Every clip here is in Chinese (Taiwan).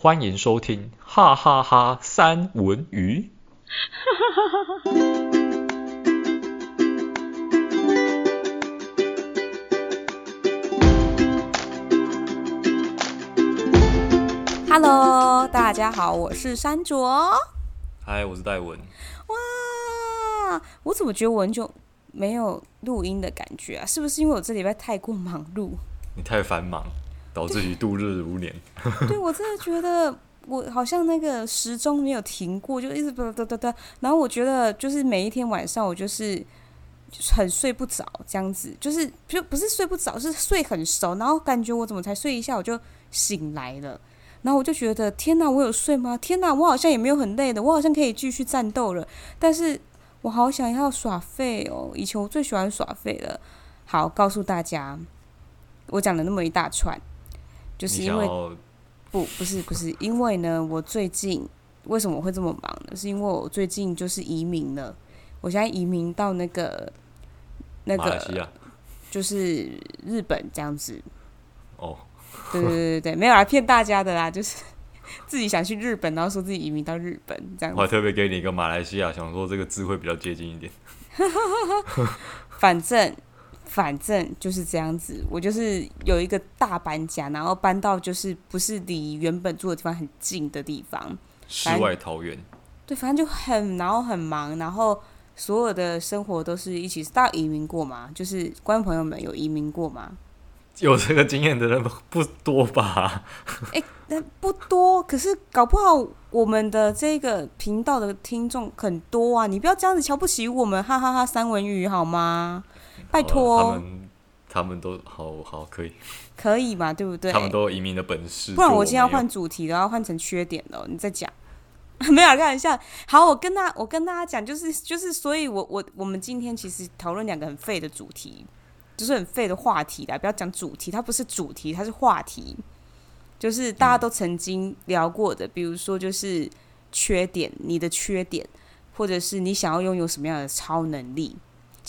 歡迎收聽哈哈哈三文魚。哈，哈，哈，哈，哈。Hello，大家好，我是山卓。Hi，我是戴文。哇，我怎麼覺得文就沒有錄音的感覺啊？是不是因為我這禮拜太過忙碌？你太繁忙。老自己度日如年，對，我真的覺得我好像那個時鐘沒有停過，就一直嘚嘚嘚嘚。然後我覺得就是每一天晚上我就是很睡不着，這樣子就是就不是睡不着，是睡很熟。然後感覺我怎麼才睡一下我就醒來了，然後我就覺得天吶，我有睡嗎？天吶，我好像也沒有很累的，我好像可以繼續戰鬥了。但是我好想要耍廢哦，以前我最喜歡耍廢了。好，告訴大家，我講了那麼一大串。就是因為不，不是不是因為呢，我最近為什麼會這麼忙呢？是因為我最近就是移民了，我現在移民到那個那個，就是日本這樣子。哦，對對對對，沒有來騙大家的啦，就是自己想去日本，然後說自己移民到日本這樣。我還特別給你一個馬來西亞，想說這個字會比較接近一點。 反正。反正就是這樣子，我就是有一個大搬家，然後搬到就是不是離原本住的地方很近的地方，世外桃源。對，反正就很然後很忙，然後所有的生活都是一起。大家移民過嗎？就是觀眾朋友們有移民過嗎？有這個經驗的人不多吧？誒、 欸，那不多。可是搞不好我們的這個頻道的聽眾很多啊！你不要這樣子瞧不起我們，哈哈哈，哈！三文魚好嗎？拜託、啊，他們他們都好好可以，可以嘛？對不對？他們都有移民的本事。哎、不然我今天要換主題，都要換成缺點了、哦。你再講，沒有開玩笑。好，我跟他，我跟大家講，就是就是，所以我，我我我們今天其實討論兩個很廢的主題，就是很廢的話題啦。不要講主題，它不是主題，它是話題，就是大家都曾經聊過的，嗯、比如說就是缺點，你的缺點，或者是你想要擁有什麼樣的超能力？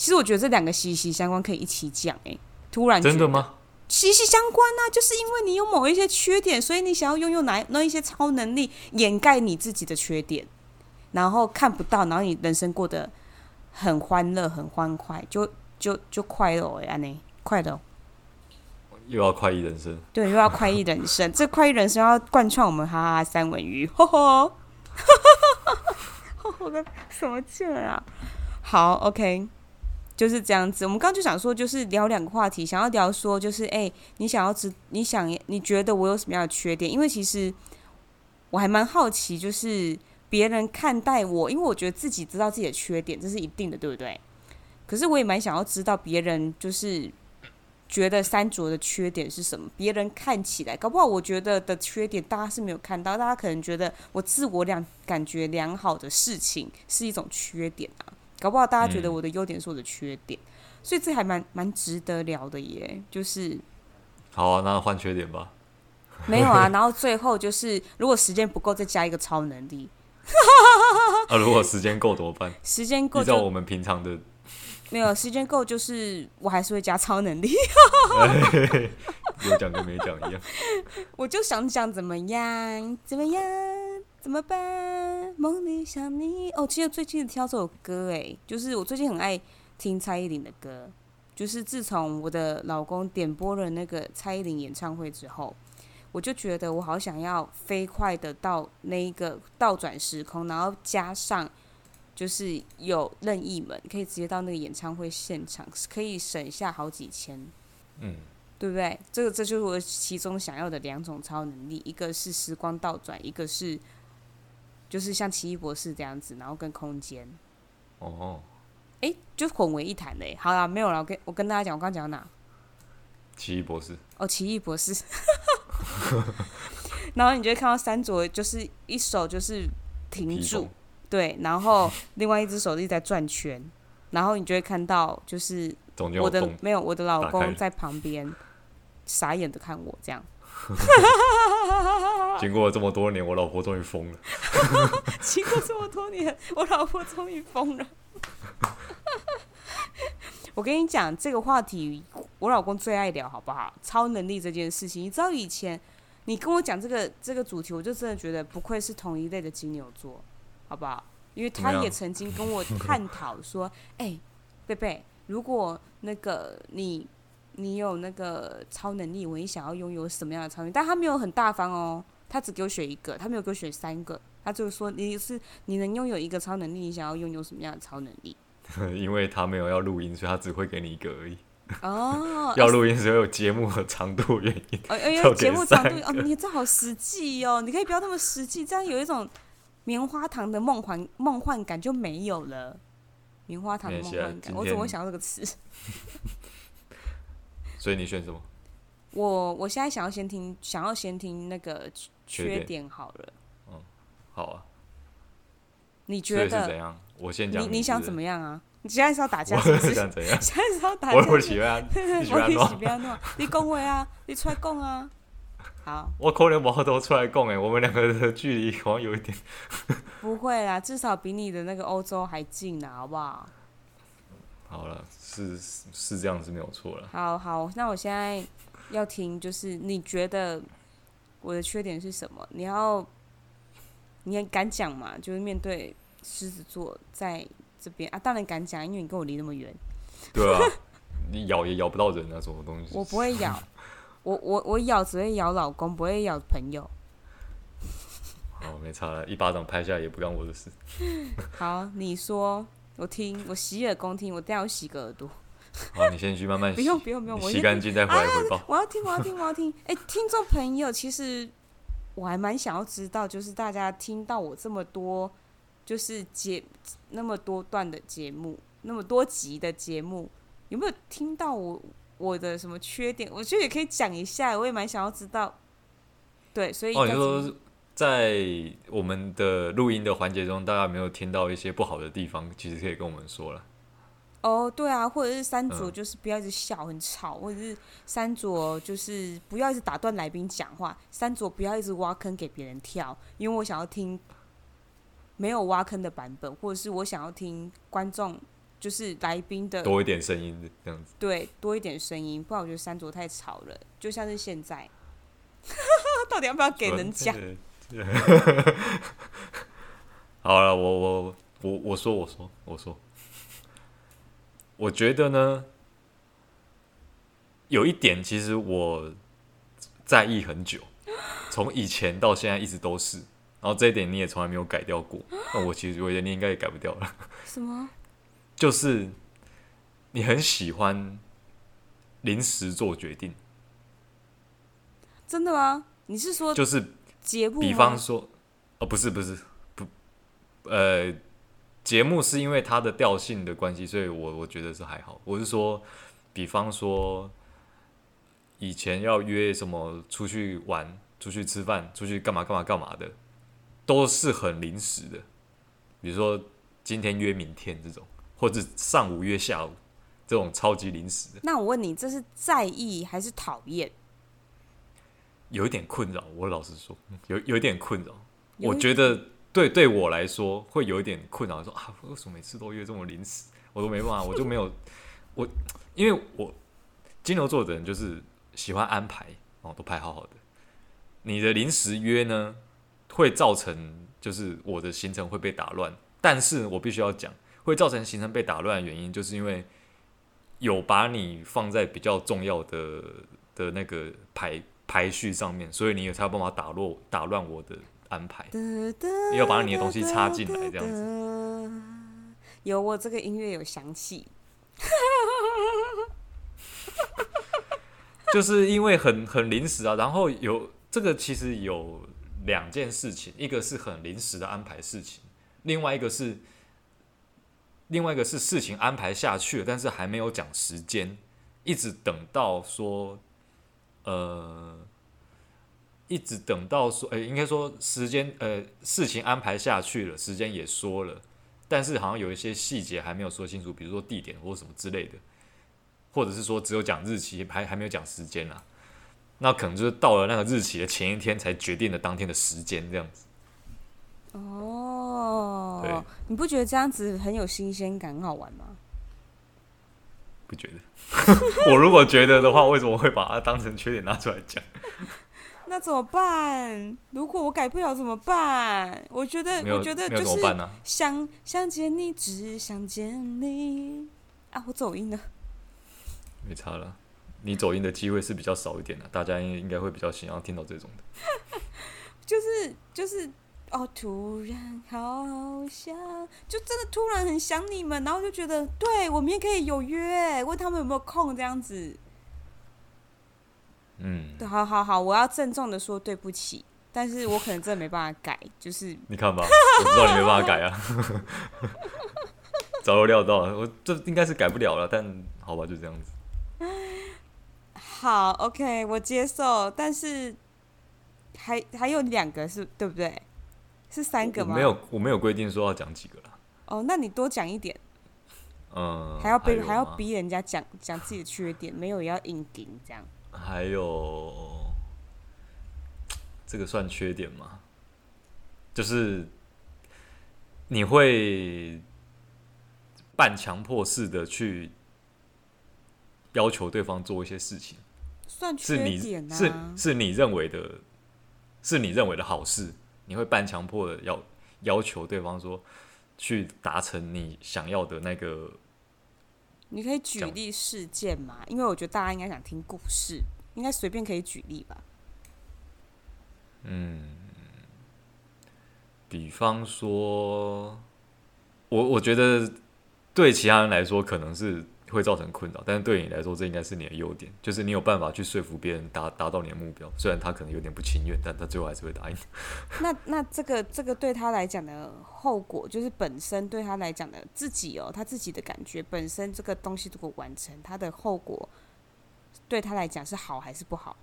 其實我覺得這兩個息息相關，可以一起講哎、欸。突然，真的嗎？息息相關吶、啊，就是因為你有某一些缺點，所以你想要擁有哪那一些超能力，掩蓋你自己的缺點，然後看不到，然後你人生過得很歡樂、很歡快，就就就快樂哎、欸，安妮，快樂。又要快意人生？對，又要快意人生。 這快意人生要貫穿我們哈哈三文魚，吼吼，哈哈哈哈吼吼的什麼勁啊？好，OK。就是這樣子，我們剛剛就想說，就是聊兩個話題，想要聊說，就是誒、欸，你想要知，你想，你覺得我有什麼樣的缺點？因為其實我還蠻好奇，就是別人看待我，因為我覺得自己知道自己的缺點這是一定的，對不對？可是我也蠻想要知道別人就是覺得三卓的缺點是什麼？別人看起來，搞不好我覺得的缺點，大家是沒有看到，大家可能覺得我自我良感覺良好的事情是一種缺點啊。搞不好大家覺得我的優點是我的缺點，嗯、所以這還蠻蠻值得聊的耶。就是，好啊，那換缺點吧。沒有啊，然後最後就是， 如果時間不夠，再加一個超能力。 啊，如果時間夠怎麼辦？時間夠，依照我們平常的，沒有，時間夠就是我還是會加超能力。 有講跟沒講一樣。我就想想怎麼樣，怎麼樣。怎麼辦？夢裡想你，你哦。其實最近挑這首歌，哎，就是我最近很愛聽蔡依林的歌。就是自從我的老公點播了那個蔡依林演唱會之後，我就覺得我好想要飛快地到那一個倒轉時空，然後加上就是有任意門，可以直接到那個演唱會現場，可以省下好幾千。嗯，對不對？這個這就是我其中想要的兩種超能力，一個是時光倒轉，一個是。就是像奇異博士這樣子，然後跟空間，哦，哦，哎、欸，就混為一談嘞、欸。好啦，沒有了，我跟我跟大家講，我剛講到哪？奇異博士。哦，奇異博士。 然後你就會看到三卓，就是一手就是停住，對，然後另外一隻手一直在轉圈，然後你就會看到就是我的沒有我的老公在旁邊傻眼的看我這樣。 經過了這麼多年，我老婆終於瘋了。 經過這麼多年，我老婆終於瘋了。 我跟你講這個話題，我老公最愛聊好不好？超能力這件事情，你知道以前你跟我講這個這個主題，我就真的覺得不愧是同一類的金牛座，好不好？因為他也曾經跟我探討說，哎，貝 貝，欸，如果那個你。你有那個超能力，我一想要擁有什麼樣的超能力？但他沒有很大方哦，他只給我選一個，他沒有給我選三個，他就是說你是你能擁有一個超能力，你想要擁有什麼樣的超能力？因為他沒有要錄音，所以他只會給你一個而已。哦、oh, 要錄音是因為有節目和長度原因。哎、oh, 哎、oh, oh, oh,，節目長度哦，你這好實際哦，你可以不要那麼實際，這樣有一種棉花糖的夢幻夢幻感就沒有了。棉花糖的夢幻感，我怎麼會想到這個詞。 所以你選什麼？我我現在想要先聽，想要先聽那個缺點好了。嗯，好啊。你覺得怎樣？我先講。你你想怎麼樣啊？你現在是要打架？我是想怎樣？現在是要打架？我不會起我不會起邊你講話啊，你， 我啊你，說啊 你出來講啊。好，我可能把頭出來講，哎、欸，我們兩個的距離好像有一點 。不會啦，至少比你的那個歐洲還近啊，好不好？好了，是是這樣是沒有錯了。好好，那我現在要聽，就是你覺得我的缺點是什麼？你要，你很敢講嘛？就是面對獅子座在這邊啊，當然敢講，因為你跟我離那麼遠。對啊， 你咬也咬不到人啊，什麼東西？我不會咬，我我我咬只會咬老公，不會咬朋友。好，沒差了，一巴掌拍下來也不干我的事。 好，你說。我聽，我洗耳恭聽，我待會洗個耳朵。好，你先去慢慢洗，不用不用不用，洗乾淨再回來我要聽，我要聽，我要聽。哎、 欸，聽眾朋友，其實我還蠻想要知道，就是大家聽到我這麼多，就是節那麼多段的節目，那麼多集的節目，有沒有聽到我我的什麼缺點？我覺得也可以講一下，我也蠻想要知道。 對，所以。就、哦……在我們的錄音的環節中，大家有沒有聽到一些不好的地方，其實可以跟我們說了。哦、oh,，對啊，或者是三組就是不要一直笑，嗯、很吵，或者是三組就是不要一直打斷來賓講話，三組不要一直挖坑給別人跳，因為我想要聽沒有挖坑的版本，或者是我想要聽觀眾就是來賓的多一點聲音這樣子。對，多一點聲音，不然我覺得三組太吵了，就像是現在， 到底要不要給人講？ 好了，我我我我說我說我說，我覺得呢，有一點其實我在意很久，從以前到現在一直都是，然後這一點你也從來沒有改掉過，那我其實我覺得你應該也改不掉了。什麼？就是你很喜歡臨時做決定？真的嗎？你是說就是？節目，比方說，呃、哦，不是不是不，呃，節目是因為它的調性的關係，所以我我覺得是還好。我是說，比方說，以前要約什麼出去玩、出去吃飯、出去幹嘛幹嘛幹嘛的，都是很臨時的。比如說今天約明天這種，或者上午約下午這種超級臨時的。那我問你，這是在意還是討厭？有一點困擾，我老實說，有有一點困擾。我覺得對對我來說會有一點困擾。說啊，我為什麼每次都約這麼臨時？我都沒辦法，我就沒有我，因為我金牛座的人就是喜歡安排，哦，都排好好的。你的臨時約呢，會造成就是我的行程會被打亂。但是我必須要講，會造成行程被打亂的原因，就是因為有把你放在比較重要的的那個排。排序上面，所以你有才有辦法打落打亂我的安排，得得也要把你的東西插進來這樣子。有我這個音樂有響起， 就是因為很很臨時啊。然後有這個其實有兩件事情，一個是很臨時的安排事情，另外一個是另外一個是事情安排下去了，但是還沒有講時間，一直等到說。呃，一直等到說，哎、欸，應該說時間，呃，事情安排下去了，時間也說了，但是好像有一些細節還沒有說清楚，比如說地點或什麼之類的，或者是說只有講日期，還還沒有講時間啊，那可能就是到了那個日期的前一天，才決定了當天的時間這樣子。哦，對，你不覺得這樣子很有新鮮感，很好玩嗎？不覺得？ 我如果覺得的話，我為什麼會把它當成缺點拿出來講？ 那怎麼辦？如果我改不了怎麼辦？我覺得，我覺得就是想、啊、想見你，只想見你。啊，我走音呢，沒差了，你走音的機會是比較少一點的，啊，大家應應該會比較喜歡聽到這種的。就 是就是。就是哦，突然好想，就真的突然很想你們，然後就覺得，對，我們也可以有約，問他們有沒有空這樣子。嗯，對，好好好，我要鄭重的說對不起，但是我可能真的沒辦法改， 就是你看吧，我知道你沒辦法改啊，早 有 料到，我這應該是改不了了，但好吧，就這樣子。好，OK，我接受，但是還還有兩個是，對不對？是三個嗎？沒有，我沒有規定說要講幾個啦。哦，那你多講一點。嗯，還要逼，還要逼人家講講自己的缺點，沒有要硬頂這樣。還有，這個算缺點嗎？就是你會半強迫式的去要求對方做一些事情，算缺點啊？是是，是你認為的，是你認為的好事。你會半強迫的要要求對方說去達成你想要的那個。你可以舉例事件嗎？因為我覺得大家應該想聽故事，應該隨便可以舉例吧。嗯，比方說，我我覺得對其他人來說可能是。會造成困擾，但是對你來說，這應該是你的優點，就是你有辦法去說服別人達達到你的目標。雖然他可能有點不情願，但他最後還是會答應。 那那這個這個對他來講的後果，就是本身對他來講的自己哦，他自己的感覺，本身這個東西如果完成，他的後果對他來講是好還是不好？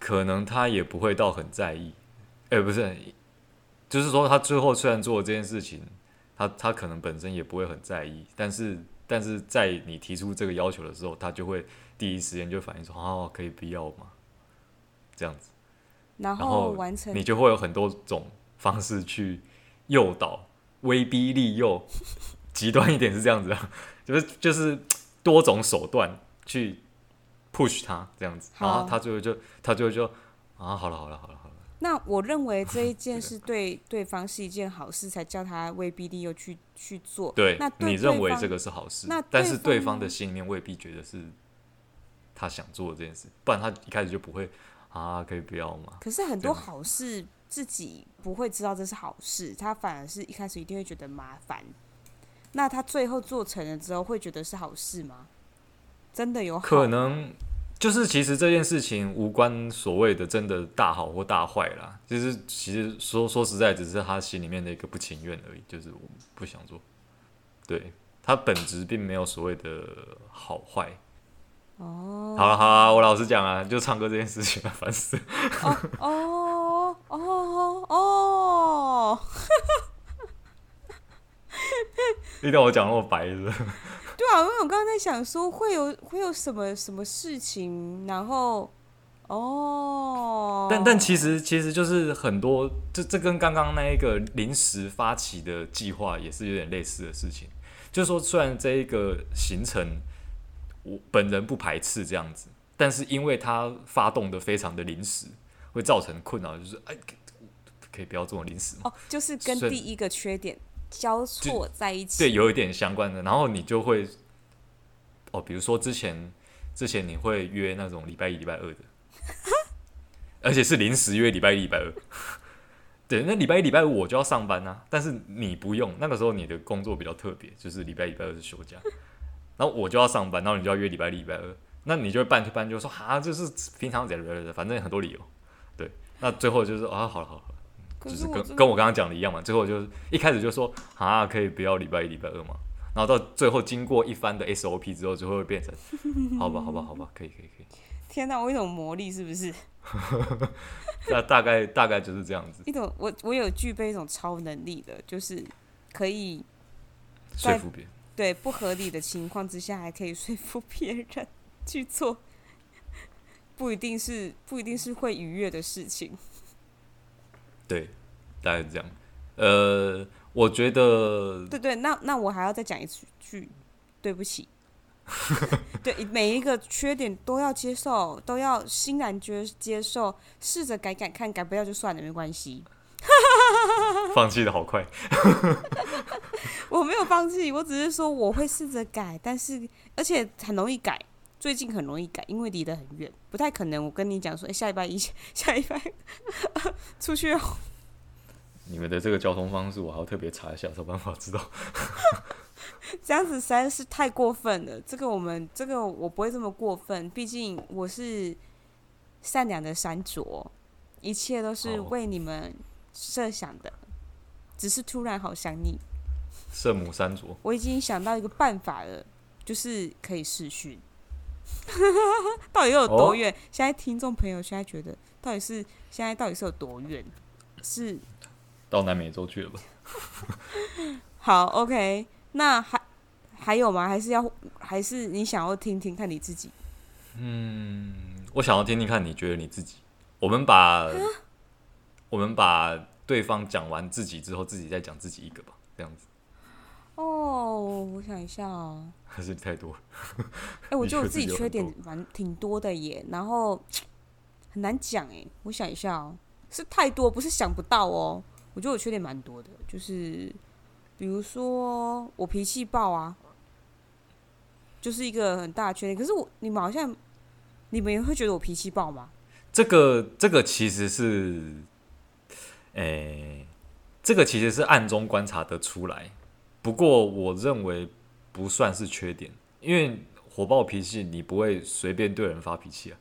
可能他也不會到很在意，哎、欸，不是，就是說他最後雖然做了這件事情，他他可能本身也不會很在意，但是。但是在你提出這個要求的時候，他就會第一時間就反應說：“哦，可以不要嗎？這樣子。”然後你就會有很多種方式去誘導、威逼利誘，極端一點是這樣子，啊，就是就是多種手段去 push 他這樣子，然後他最後就他最後就啊，好了好了好了。好了那我認為這一件事對對方是一件好事，才叫他威逼利誘，去 去做。對，對，那你認為這個是好事？那但是對方的心裡未必覺得是他想做的這件事，不然他一開始就不會啊，可以不要嗎？可是很多好事自己不會知道這是好事，他反而是一開始一定會覺得麻煩。那他最後做成了之後，會覺得是好事嗎？真的有好可能？就是其實這件事情無關所謂的真的大好或大壞啦，其實其實說說實在，只是他心裡面的一個不情願而已，就是我不想做。對他本質並沒有所謂的好壞。哦，好了好了，我老實講啊，就唱歌這件事情煩死了。哦 哦哦，哦，哦，哦 一定要我講那麼白是不是？對啊，因為我剛剛在想說，會有會有什麼什麼事情，然後哦，但但其實其實就是很多，這這跟剛剛那一個臨時發起的計劃也是有點類似的事情，就是說雖然這一個行程我本人不排斥這樣子，但是因為它發動的非常的臨時，會造成困擾，就是哎可，可以不要這麼臨時嗎？哦，就是跟第一個缺點。交錯在一起，對，有一點相關的，然後你就會，哦，比如說之前，之前你會約那種禮拜一、禮拜二的， 而且是臨時約禮拜一、禮拜二。對，那禮拜一、禮拜五我就要上班啊，但是你不用，那個時候你的工作比較特別，就是禮拜一、禮拜二是休假，然後我就要上班，然後你就要約禮拜一、禮拜二，那你就會半推半就說啊，就是平常在，反正很多理由。對，那最後就是啊，好了好了。就是跟跟我剛剛講的一樣嘛，最後就是一開始就說啊，可以不要禮拜一、禮拜二嘛，然後到最後經過一番的 SOP 之後，就會變成好吧，好吧，好吧，可以，可以，可以。天哪、啊，我一種魔力是不是？那 大，大概大概就是這樣子。一種我我有具備一種超能力的，就是可以說服別人。對，不合理的情況之下，還可以說服別人去做，不一定是不一定是會愉悅的事情。對，大概是這樣。呃，我覺得對對，對，那那我還要再講一句，對不起。 對，每一個缺點都要接受，都要欣然接接受，試着改改看，改不掉就算了，沒關係。 放棄的好快。 我沒有放棄，我只是說我會試着改，但是而且很容易改。最近很容易改，因為離得很遠，不太可能。我跟你講說、欸，下一班一下一班呵呵出去哦、喔。你們的這個交通方式，我還要特別查一下，才有辦法知道。 這樣子實在是太過分了，這個我們這個我不會這麼過分，畢竟我是善良的山卓，一切都是為你們設想的。Oh. 只是突然好想你，聖母山卓，我已經想到一個辦法了，就是可以視訊。 到底有多遠？哦？現在聽眾朋友現在覺得，到底是現在到底是有多遠？是到南美洲去了吧？ 好，OK，那還還有嗎？還是要還是你想要聽聽看你自己？嗯，我想要聽聽看你覺得你自己。我們把，啊？我們把對方講完自己之後，自己再講自己一個吧，這樣子。哦。想一下哦，還是太多。哎、欸，我覺得我自己缺點蠻挺多的耶，然後很難講哎。我想一下哦，是太多，不是想不到哦。我覺得我缺點蠻多的，就是比如說我脾氣暴啊，就是一個很大的缺點。可是我你們好像你們也會覺得我脾氣暴嗎？這個這個其實是，哎、欸，這個其實是暗中觀察得出來。不過我認為不算是缺點，因為火爆脾氣你不會隨便對人發脾氣啊。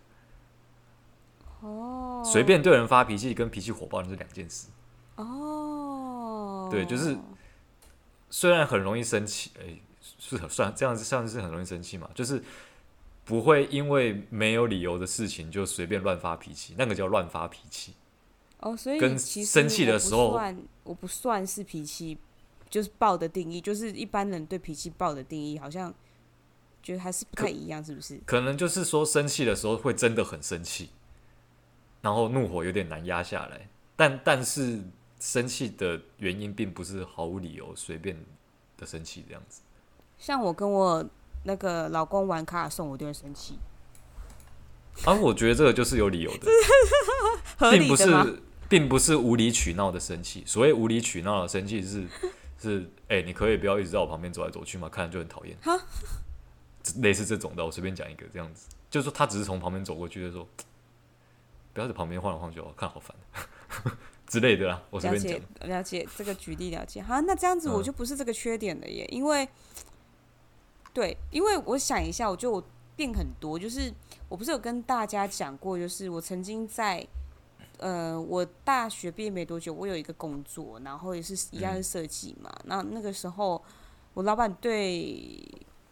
哦，隨便對人發脾氣跟脾氣火爆是兩件事。哦、oh，對，就是雖然很容易生氣，誒、欸，是很算這樣子，算是很容易生氣嘛，就是不會因為沒有理由的事情就隨便亂發脾氣，那個叫亂發脾氣。哦、oh，所以跟生氣的時候，我不算，我不算是脾氣。就是爆的定義，就是一般人對脾氣爆的定義，好像覺得還是不太一樣，是不是？可，可能就是說生氣的時候會真的很生氣，然後怒火有點難壓下來，但但是生氣的原因並不是毫無理由、隨便的生氣這樣子。像我跟我那個老公玩卡卡頌，我就會生氣。而、啊、我覺得這個就是有理由的， 的並不是，並不是無理取鬧的生氣。所謂無理取鬧的生氣是。是哎、欸，你可以不要一直在我旁邊走來走去嘛，看着就很討厭。哈，類似這種的，我隨便講一個這樣子，就是說他只是從旁邊走過去，就說不要在旁邊晃來晃去，哦。看好煩 之類的啦。了解，我了解，了解這個舉例，了解。哈。那這樣子我就不是這個缺點了耶，嗯、因為對，因為我想一下，我覺得我變很多，就是我不是有跟大家講過，就是我曾經在。呃，我大學畢業沒多久，我有一個工作，然後也是一樣的設計嘛。那、嗯、那個時候，我老闆對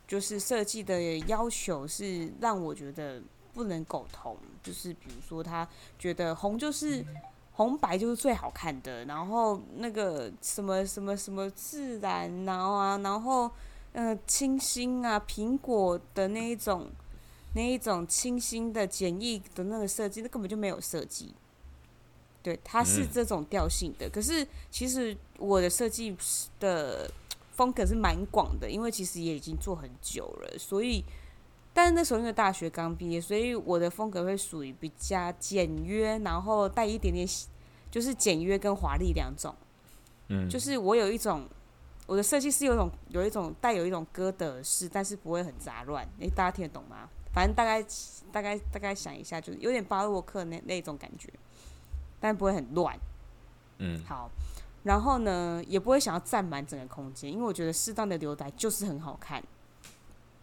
就是設計的要求是讓我覺得不能苟同，就是比如說他覺得紅就是紅白就是最好看的，嗯，然後那個什麼什麼什麼自然，然後啊，然後嗯、呃，清新啊，蘋果的那一種那一種清新的、簡易的那個設計，那根本就沒有設計。對，它是這種調性的、嗯。可是其實我的設計的風格是蠻廣的，因為其實也已經做很久了。所以，但是那時候因為大學剛畢業，所以我的風格會屬於比較簡約，然後帶一點點就是簡約跟華麗兩種。嗯，就是我有一種我的設計是有一種有一種帶有一種哥德式，但是不會很雜亂。誒，大家聽得懂嗎？反正大概大概大概想一下，就是有點巴洛克那那種感覺。但不會很亂，嗯，好，然後呢，也不會想要佔滿整個空間，因為我覺得適當的留白就是很好看，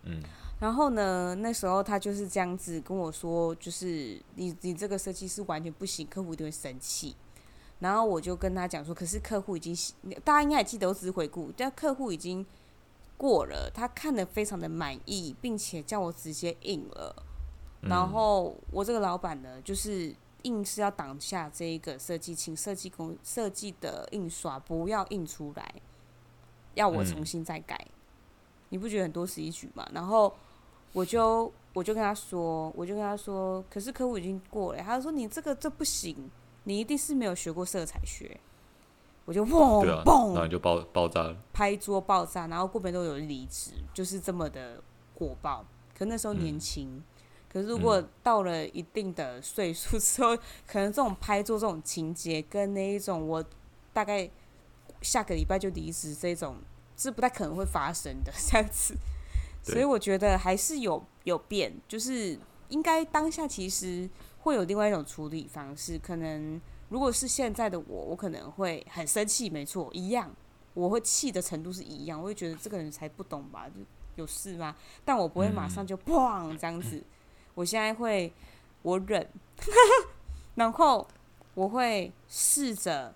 嗯，然後呢，那時候他就是這樣子跟我說，就是你你這個設計是完全不行，客戶一定會生氣。然後我就跟他講說，可是客戶已經大家應該還記得，我只是回顧，但客戶已經過了，他看得非常的滿意，並且叫我直接印了。嗯。然後我這個老闆呢，就是。硬是要擋下這一個設計，請設計工設計的印刷不要印出來，要我重新再改。嗯、你不覺得很多此一舉嘛？然後我就我就跟他說，我就跟他說，可是客戶已經過了，他就說你這個這不行，你一定是沒有學過色彩學。我就砰、啊、砰，然後就爆爆炸了，拍桌爆炸，然後過邊都有離職，就是這麼的火爆。可那時候年輕。嗯可是，如果到了一定的歲數之後、嗯，可能這種拍桌這種情節，跟那一種我大概下個禮拜就離職，這種是不太可能會發生的這樣子。所以我覺得還是有有變，就是應該當下其實會有另外一種處理方式。可能如果是現在的我，我可能會很生氣，沒錯，一樣，我會氣的程度是一樣，我會覺得這個人才不懂吧，就有事嗎？但我不會馬上就砰這樣子。嗯我現在會，我忍， 然後我會試着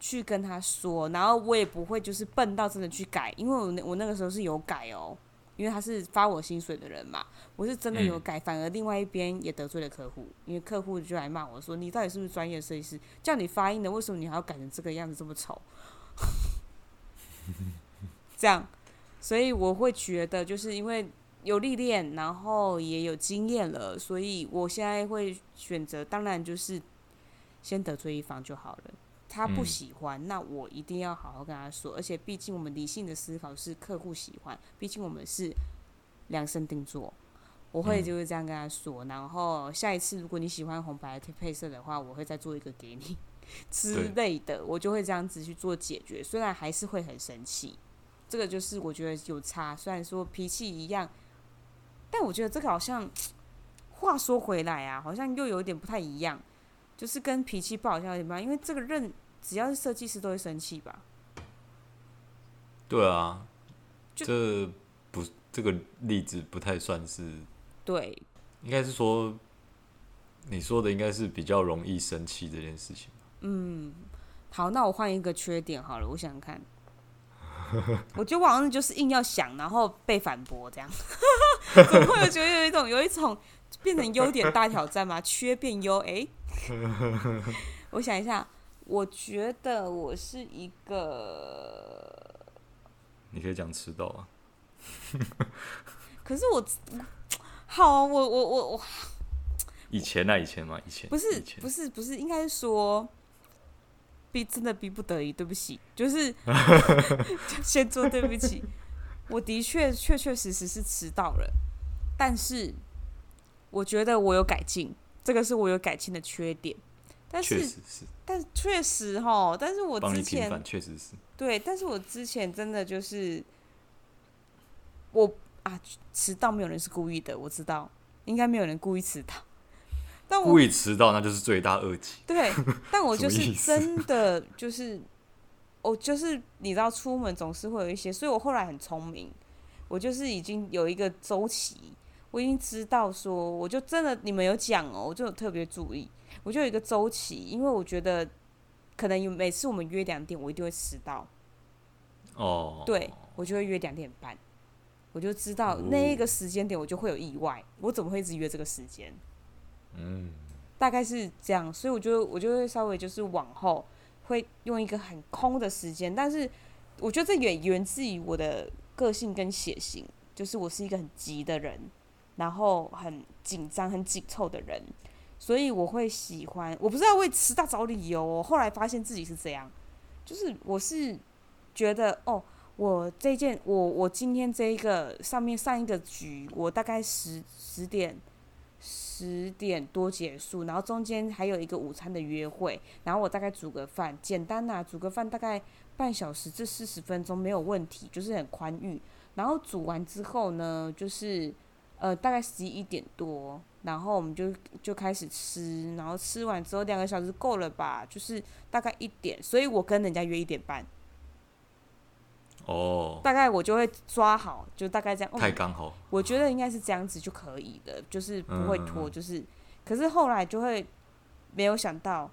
去跟他說，然後我也不會就是笨到真的去改，因為我我那個時候是有改哦，因為他是發我薪水的人嘛，我是真的有改，反而另外一邊也得罪了客戶，因為客戶就來罵我說，你到底是不是專業設計師？叫你發音的，為什麼你還要改成這個樣子這麼醜？這樣，所以我會覺得就是因為。有歷練，然後也有經驗了，所以我現在會選擇，當然就是先得罪一方就好了。他不喜歡，嗯、那我一定要好好跟他說。而且，畢竟我們理性的思考是客戶喜歡，畢竟我們是量身定做。我會就是這樣跟他說，嗯，然後下一次如果你喜歡紅白配色的話，我會再做一個給你之類的。我就會這樣子去做解決，雖然還是會很生氣，這個就是我覺得有差。雖然說脾氣一樣。但我覺得這個好像，話說回來啊，好像又有一點不太一樣，就是跟脾氣不好像有點不一樣，因為這個人只要是設計師都會生氣吧？對啊，這不這個例子不太算是對，應該是說你說的應該是比較容易生氣這件事情。嗯，好，那我換一個缺點好了，我想想看。我覺得網上就是硬要想，然後被反駁這樣。 怎麼會覺得有一種 有一種變成優點大挑戰嗎？缺變優？哎、欸， 我想一下，我覺得我是一個，你可以講遲到啊。可是我好、啊，我我我我，以前啊，以前嘛，以前，以前不是前不是不是，不是，應該是說。逼真的逼不得已，對不起，就是 先做對不起。我的確確確實實是遲到了，但是我覺得我有改進，這個是我有改進的缺點。但是，確實是，但確實哈，但是我之前確實是，對，但是我之前真的就是我啊，遲到沒有人是故意的，我知道，應該沒有人故意遲到。故意遲到那就是罪大惡極。對，但我就是真的就是，我就是你知道，出門總是會有一些，所以我後來很聰明，我就是已經有一個周期，我已經知道說，我就真的你們有講哦，我就特別注意，我就有一個周期，因為我覺得可能每次我們約兩點，我一定會遲到。哦，對，我就會約兩點半，我就知道那一個時間點我就會有意外，oh. 我怎麼會一直約這個時間？嗯，大概是這樣，所以我覺得我就會稍微就是往後會用一個很空的時間，但是我覺得這也源自於我的個性跟血型，就是我是一個很急的人，然後很緊張、很緊湊的人，所以我會喜歡。我不是要為遲到找理由，我後來發現自己是這樣，就是我是覺得哦，我這件我我今天這一個上面上一個局，我大概十十點，十點多結束，然後中間還有一個午餐的約會，然後我大概煮個飯，簡單啊，煮個飯大概半小時至四十分鐘沒有問題，就是很寬裕。然後煮完之後呢，就是呃大概十一點多，然後我們就就開始吃，然後吃完之後兩個小時夠了吧？就是大概一點，所以我跟人家約一點半。哦、oh，大概我就會抓好，就大概這樣。哦、太剛好，我覺得應該是這樣子就可以了，嗯、就是不會拖。就是，可是後來就會沒有想到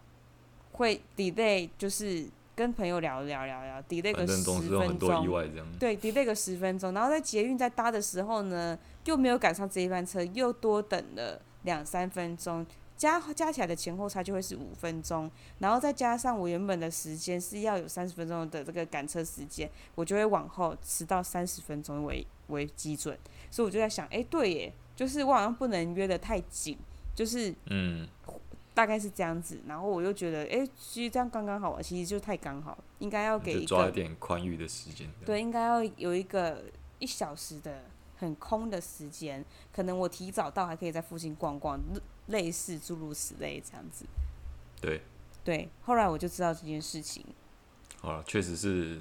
會 delay，就是跟朋友聊聊聊聊 delay 個十分鐘。反正總是有很多意外這樣。對，delay 個十分鐘，然後在捷運在搭的時候呢，又沒有趕上這一班車，又多等了兩三分鐘。加加起來的前後差就會是五分鐘，然後再加上我原本的時間是要有三十分鐘的這個趕車時間，我就會往後遲到三十分鐘為為基準。所以我就在想，哎、欸，對耶，就是我好像不能約得太緊，就是嗯，大概是這樣子，嗯。然後我又覺得，哎、欸，其實這樣剛剛好啊，其實就太剛好，應該要給一，你抓一點寬裕的時間。對，應該要有一個一小時的，很空的時間，可能我提早到還可以在附近逛逛，類似諸如此類這樣子。對。對，後來我就知道這件事情。啊，確實是，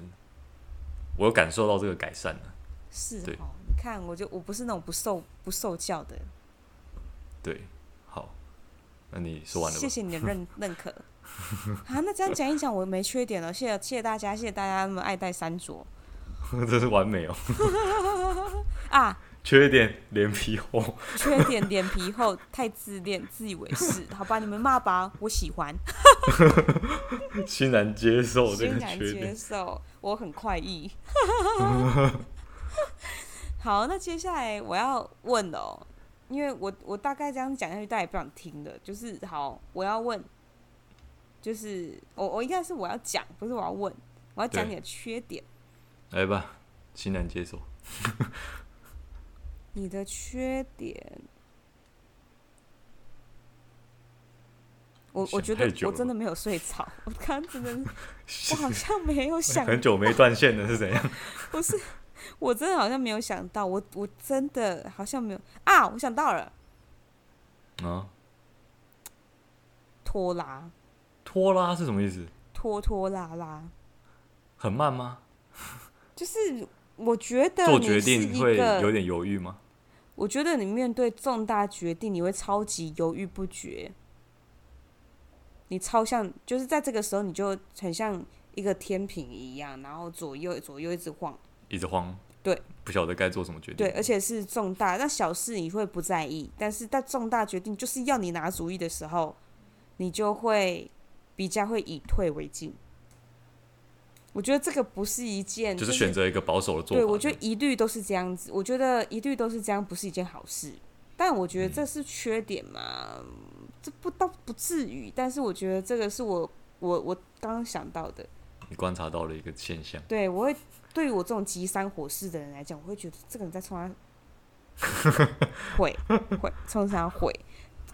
我有感受到這個改善了。是哦，你看，我就我不是那種不受不受教的。對，好，那你說完了吧，謝謝你的認 認可。 啊，那這樣講一講，我沒缺點了。謝謝，謝謝大家，謝謝大家那麼愛戴三卓。這是完美哦、喔！ 啊，缺點臉皮厚，缺點臉皮厚， 太自戀、自以為是。好吧，你們罵吧，我喜歡。欣 然 接受欣然接受，我很快意。 好，那接下來我要問哦、喔、因為我我大概這樣講下去，大家也不想聽的，就是好，我要問，就是我我應該是我要講，不是我要問，我要講你的缺點。來吧，欣然接受。 你的缺點，我我覺得我真的沒有睡着，我剛真的， 我好像沒有想到 很久沒斷線了是怎樣？不 是，我真的好像沒有想到，我我真的好像沒有啊！我想到了啊，拖拉，拖拉是什麼意思？拖拖拉拉，很慢嗎？ 就是我覺得你做決定會有點猶豫嗎？我覺得你面對重大決定，你會超級猶豫不決。你超像，就是在這個時候，你就很像一個天平一樣，然後左右左右一直晃，一直晃。對，不曉得該做什麼決定。對，而且是重大，那小事你會不在意。但是在重大決定，就是要你拿主意的時候，你就會比較會以退為進。.我覺得這個不是一件，就是選擇一個保守的做法，就是。對，我覺得一律都是這樣子，我覺得一律都是這樣，不是一件好事。但我覺得這是缺點嘛，嗯、這不倒不至於。但是我覺得這個是我我我剛想到的，你觀察到了一個現象。對，我會對於我這種急三火四的人來講，我會覺得這個人在衝啥毀，啥毀，衝啥毀，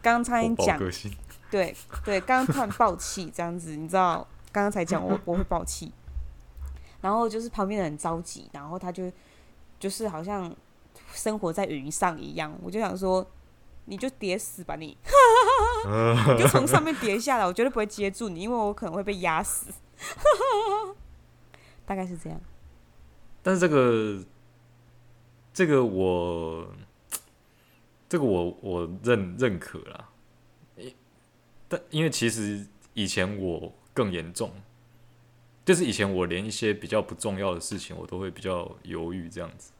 剛 剛才講對對，剛剛突然爆氣這樣子， 你知道剛剛才講我我會爆氣。然後就是旁邊的人着急，然後他就就是好像生活在雲上一樣。我就想說，你就跌死吧你，你 就從上面跌下來，我絕對不會接住你，因為我可能會被壓死。 大概是這樣。但是這個，這個我，這個我我認認可了。欸。但因為其實以前我更嚴重。就是以前我連一些比較不重要的事情，我都會比較猶豫，這樣子，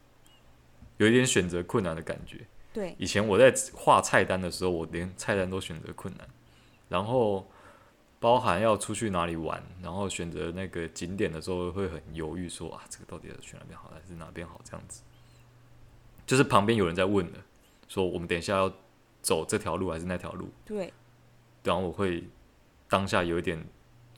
有一點選擇困難的感覺。對，以前我在畫菜單的時候，我連菜單都選擇困難。然後包含要出去哪裡玩，然後選擇那個景點的時候，會很猶豫，說啊，這個到底要選哪邊好，還是哪邊好？這樣子，就是旁邊有人在問了，說我們等一下要走這條路還是那條路？對，然後我會當下有一點。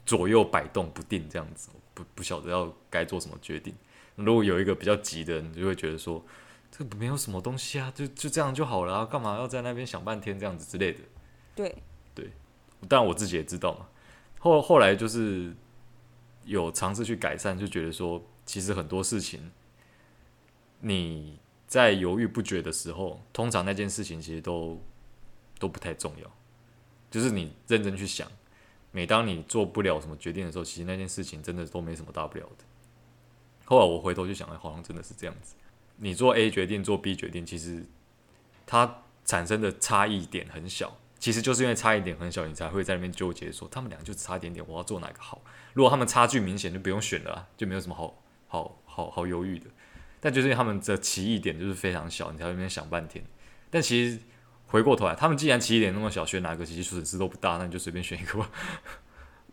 左右擺動不定，這樣子，不不曉得要該做什麼決定。如果有一個比較急的人，就會覺得說，這沒有什麼東西啊，就就這樣就好了啊，幹嘛要在那邊想半天這樣子之類的。對，對，但我自己也知道嘛。後後來就是有嘗試去改善，就覺得說，其實很多事情你在猶豫不決的時候，通常那件事情其實都都不太重要，就是你認真去想。每當你做不了什麼決定的時候，其實那件事情真的都沒什麼大不了的。後來我回頭就想，欸、好像真的是這樣子。你做 A 決定，做 B 決定，其實它產生的差異點很小，其實就是因為差異點很小，你才會在那邊糾結說，說他們倆就差一點點，我要做哪個好？如果他們差距明顯，就不用選了、啊，就沒有什麼好好好好猶豫的。但就是因為他們的奇異點就是非常小，你才會在那邊想半天。但其實。回過頭來，他們既然起點那麼小，選哪個其實損失都不大，那你就隨便選一個吧。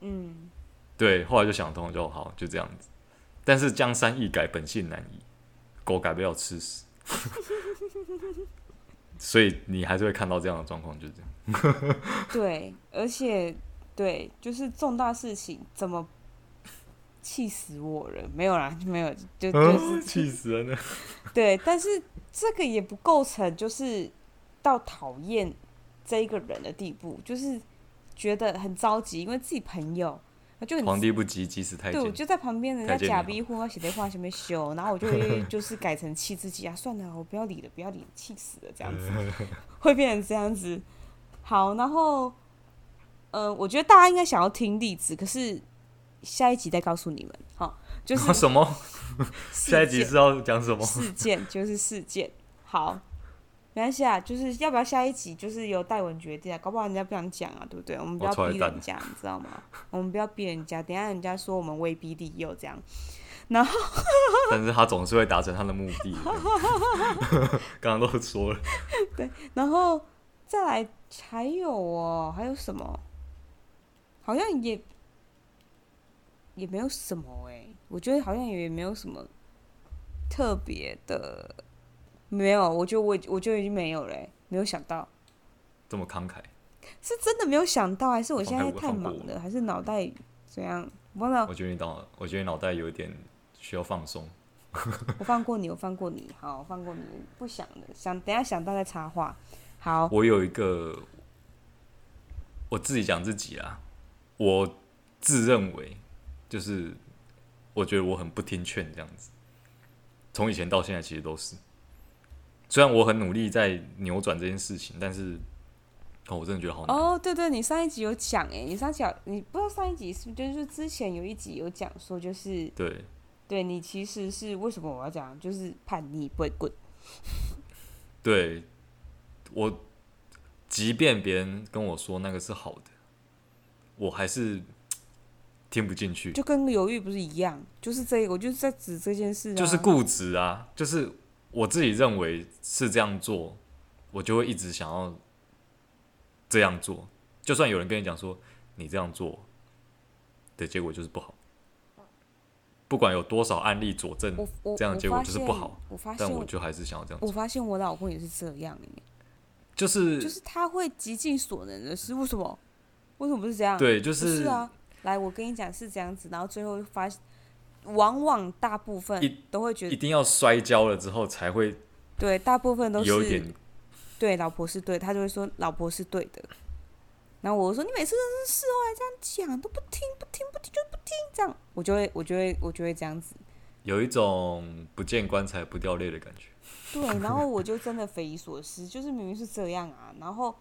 嗯，對，後來就想通了，就好，就這樣子。但是江山易改，本性難移，狗改不了吃屎， 所以你還是會看到這樣的狀況，就這樣。 對，而且對，就是重大事情怎麼氣死我了？沒有啦，就沒有，就、啊、就是氣死人了呢。對，但是這個也不構成，就是。到討厭這一個人的地步，就是覺得很着急，因為自己朋友就很皇帝不急急死太監。對，我就在旁邊，人家假逼婚，要寫在畫上面修，然後我就會就是改成氣自己啊，算了，我不要理了，不要理，氣死了這樣子， 會變成這樣子。好，然後，呃，我覺得大家應該想要聽例子，可是下一集再告訴你們，好，就是什麼？ 下一集是要講什麼？事件就是事件。好。沒關係啊，就是要不要下一集就是由戴文決定啊，搞不好人家不想講啊，對不對？我們不要逼人家，你知道嗎？我們不要逼人家，等下人家說我們威逼利誘這樣，然後但是他總是會達成他的目的。剛 剛 都說了，對，然後再來還有哦、喔，還有什麼？好像也也沒有什麼誒、欸，我覺得好像也沒有什麼特別的。沒有，我就我我就已經沒有嘞、欸，沒有想到這麼慷慨，是真的沒有想到，還是我現在太忙了，還是腦袋怎樣？我幫我覺得你腦，我覺得你腦袋有一點需要放鬆。 我放過你，我放過你，好，我放過你，不想了，想等一下想到再插話。好，我有一個，我自己講自己啊，我自認為就是，我覺得我很不聽勸這樣子，從以前到現在其實都是。雖然我很努力在扭轉這件事情，但是哦，我真的覺得好難哦。對，對對，你上一集有講哎、欸，你上集你不知道上一集是不是就是之前有一集有講說就是對，對你其實是為什麼我要講就是叛逆不會滾？對，我即便別人跟我說那個是好的，我還是聽不進去，就跟猶豫不是一樣？就是這，我就是在指這件事啊，就是固執啊，就是。我自己認為是這樣做，我就會一直想要這樣做。就算有人跟你講說你這樣做，的結果就是不好，不管有多少案例佐證，這樣的結果就是不好。我我但我就還是想要這樣做。我發現我老公也是這樣，就是就是他會極盡所能的是為什麼？為什麼不是這樣？對，就是是啊？來，我跟你講是這樣子，然後最後發。往往大部分都會覺得一,一定要摔跤了，之後才會對，大部分都是有點對，老婆是對，他就會說老婆是對的。然後我說你每次都是事後還這樣講，都不聽不聽不聽就不聽，這樣我就會我就會我就會這樣子，有一種不見棺材不掉淚的感覺。對，然後我就真的匪夷所思， 就是明明是這樣啊，然後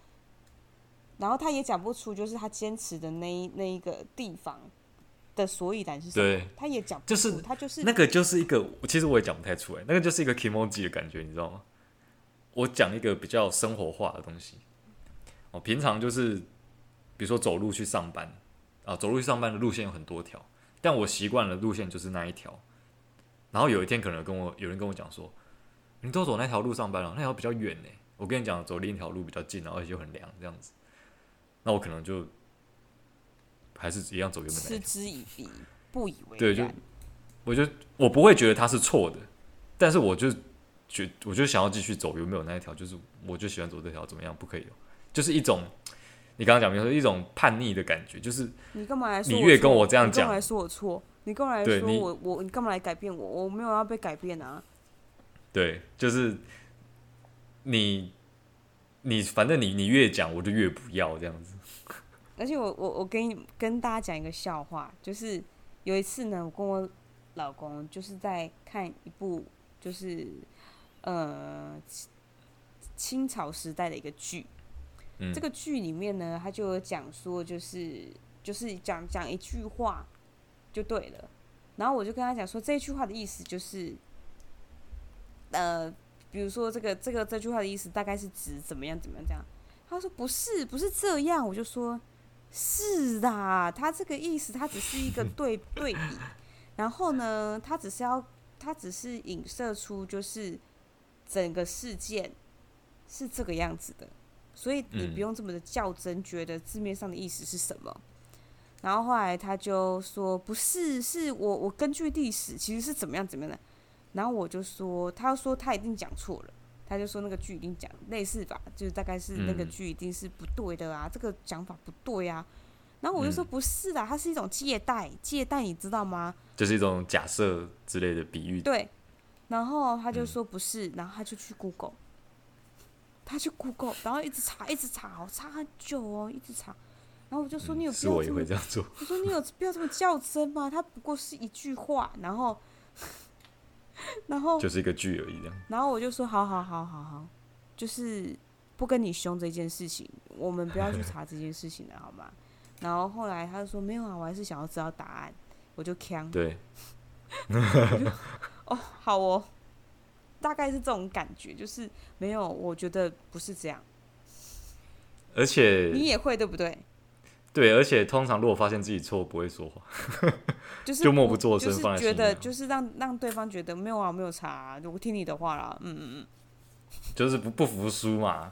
然後他也講不出，就是他堅持的那一那一個地方。的所以然是對，他也講，就是他就是那個就是一個，其實我也講不太出來。那個就是一個 Kimoji 的感覺，你知道嗎？我講一個比較生活化的東西。我平常就是，比如說走路去上班啊，走路去上班的路線有很多條，但我習慣的路線就是那一條。然後有一天可能跟我有人跟我講說，你都走那條路上班了，啊，那條比較遠呢，欸。我跟你講走另一條路比較近，然後又很涼這樣子，那我可能就。還是一樣走有沒有？嗤之以鼻，不以為然。對，就我就，我不會覺得他是錯的，但是我就覺，我就想要繼續走有沒有那一條？就是我就喜歡走這條，怎麼樣？不可以，就是一種你剛剛講，比如說一種叛逆的感覺，就是你幹嘛來說我？你越跟我這樣講來說我錯，你過來說我你我你幹嘛來改變我？我沒有要被改變啊。對，就是你你反正你你越講我就越不要這樣子。而且我我我給你跟大家講一個笑話，就是有一次呢，我跟我老公就是在看一部就是呃清，清朝時代的一個劇，嗯，這個劇裡面呢，他就有講說就是就是講講一句話就對了，然後我就跟他講說這句話的意思就是呃，比如說這個這個這句話的意思大概是指怎麼樣怎麼樣這樣，他說不是不是這樣，我就說。是啦，他這個意思，他只是一個對對比， 然後呢，他只是要，他只是影射出就是整個事件是這個樣子的，所以你不用這麼的較真，覺得字面上的意思是什麼。嗯、然後後來他就說不是，是我我根據歷史其實是怎麼樣怎麼樣的，然後我就說他就說他一定講錯了。他就說那個句一定講類似吧，就是大概是那個句一定是不對的啊，嗯、這個講法不對啊。然後我就說不是啦，嗯、它是一種借貸，借貸你知道嗎？就是一種假設之類的比喻。對。然後他就說不是，然後他就去 Google，、嗯、他去 Google，然後一直查，一直查，好查很久哦、喔，一直查。然後我就說你有必要、嗯，是我也會這樣做。我說你有必要這麼較真嗎？他不過是一句話，然後。然後就是一個劇而已，然後我就說好好好好好，就是不跟你凶這件事情，我們不要去查這件事情了， 好嗎？然後後來他就說沒有啊，我還是想要知道答案，我就嗆。對， 哦，好哦，大概是這種感覺，就是沒有，我覺得不是這樣，而且你也會對不對？對，而且通常如果發現自己錯，不會說話， 就默不作聲，就是、覺得就是讓讓對方覺得沒有啊，沒有差。啊，如果聽你的話啦，嗯嗯嗯，就是不不服輸嘛，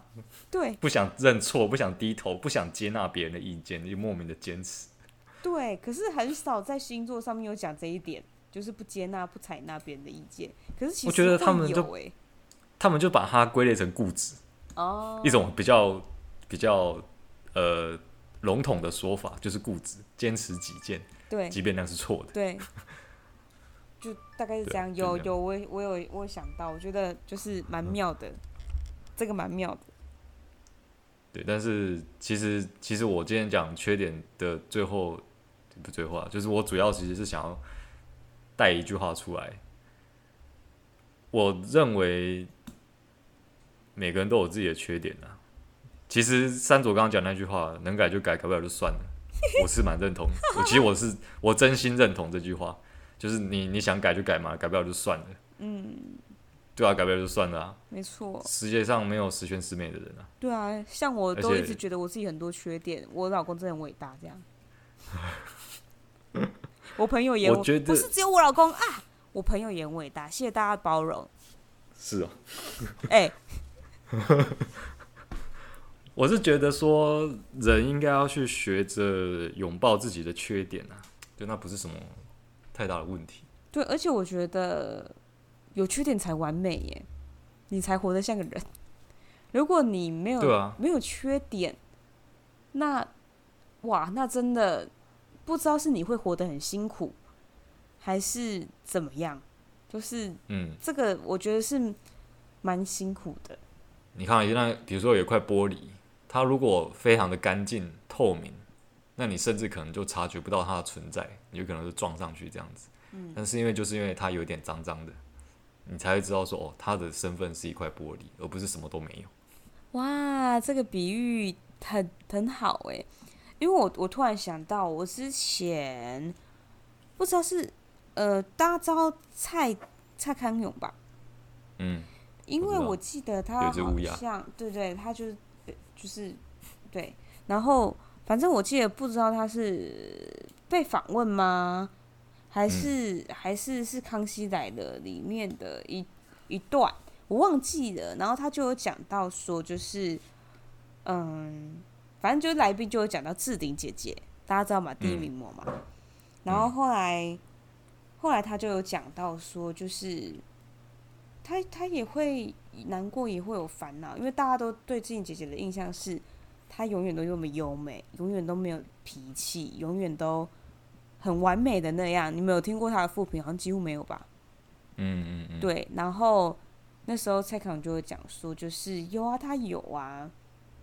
對，不想認錯，不想低頭，不想接納別人的意見，就莫名的堅持。對，可是很少在星座上面有講這一點，就是不接納、不採納別人的意見。可是其實、欸、我覺得他們就他們就把它歸類成固執哦，oh. 一種比較比較呃。籠統的說法就是固執，堅持己見。對，即便那是錯的。對，就大概是這樣。有有，我有我有我有想到，我覺得就是蠻妙的，嗯、這個蠻妙的。對，但是其實其實我今天講缺點的最後不最後啊，就是我主要其實是想要帶一句話出來。我認為每個人都有自己的缺點啊。其實三佐剛剛講那句話，能改就改，改不了就算了。我是蠻認同，我 其實我是我真心認同這句話，就是你你想改就改嘛，改不了就算了。嗯，對啊，改不了就算了、啊。沒錯。世界上沒有十全十美的人啊。對啊，像我都一直覺得我自己很多缺點，我老公真的很偉大，這樣。 我朋友也我，我覺得不是只有我老公啊，我朋友也很偉大，謝謝大家的包容。是哦、啊。哎、欸。 我是覺得說，人應該要去學着擁抱自己的缺點啊，對，那不是什麼太大的問題。對，而且我覺得有缺點才完美耶，你才活得像個人。如果你沒有、啊、沒有缺點，那哇，那真的不知道是你會活得很辛苦，還是怎麼樣，就是嗯，這個我覺得是蠻辛苦的。你看、啊，那比如說有一塊玻璃。它如果非常的乾淨透明，那你甚至可能就察覺不到它的存在，有可能就撞上去這樣子。但是因為就是因為它有點髒髒的，你才會知道說哦，它的身份是一塊玻璃，而不是什麼都沒有。哇，這個比喻很很好誒、欸，因為我我突然想到我之前不知道是呃大招蔡蔡康永吧，嗯，因為我，我記得他好像有一隻烏鴉，對對，他就是。就是對，然後反正我記得不知道他是被訪問嗎？還是還是是康熙來了裡面的一一段，我忘記了。然後他就有講到說，就是嗯、呃，反正就是來賓就有講到志玲姐姐，大家知道嗎？第一名模嘛。然後後來後來他就有講到說，就是他他也會難過也會有煩惱，因為大家都對靜姐姐的印象是，她永遠都那麼優美，永遠都沒有脾氣，永遠都很完美的那樣。你沒有聽過她的負評，好像幾乎沒有吧？嗯嗯嗯。對，然後那時候蔡康永就會講說，就是有啊，她有啊，